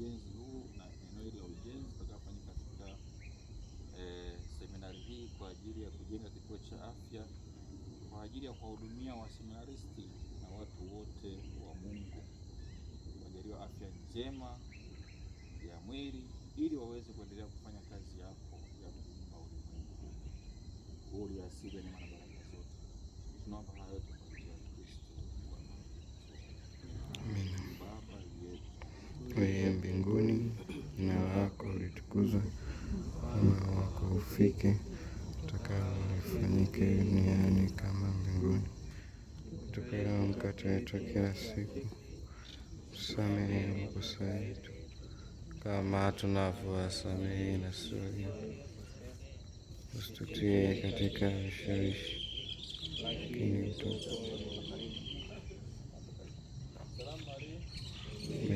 ujenzi huu na eneo hili la ujenzi utakaofanyika katika e, seminari hii kwa ajili ya kujenga kituo cha afya kwa ajili ya kuwahudumia waseminaristi na watu wote wa Mungu wajaliwa afya njema ya mwili ili waweze kuendelea kufanya kazi yako ya kuumba ulimwengu. Huu uliasili neema na baraka zote tunaomba kukuza wema wako ufike, utakalo lifanyike duniani kama mbinguni. Utupe leo mkate wetu kila siku, tusamehe makosa yetu kama tunavyowasamehe na sisi, usitutie katika vishawishi, lakini utuokoe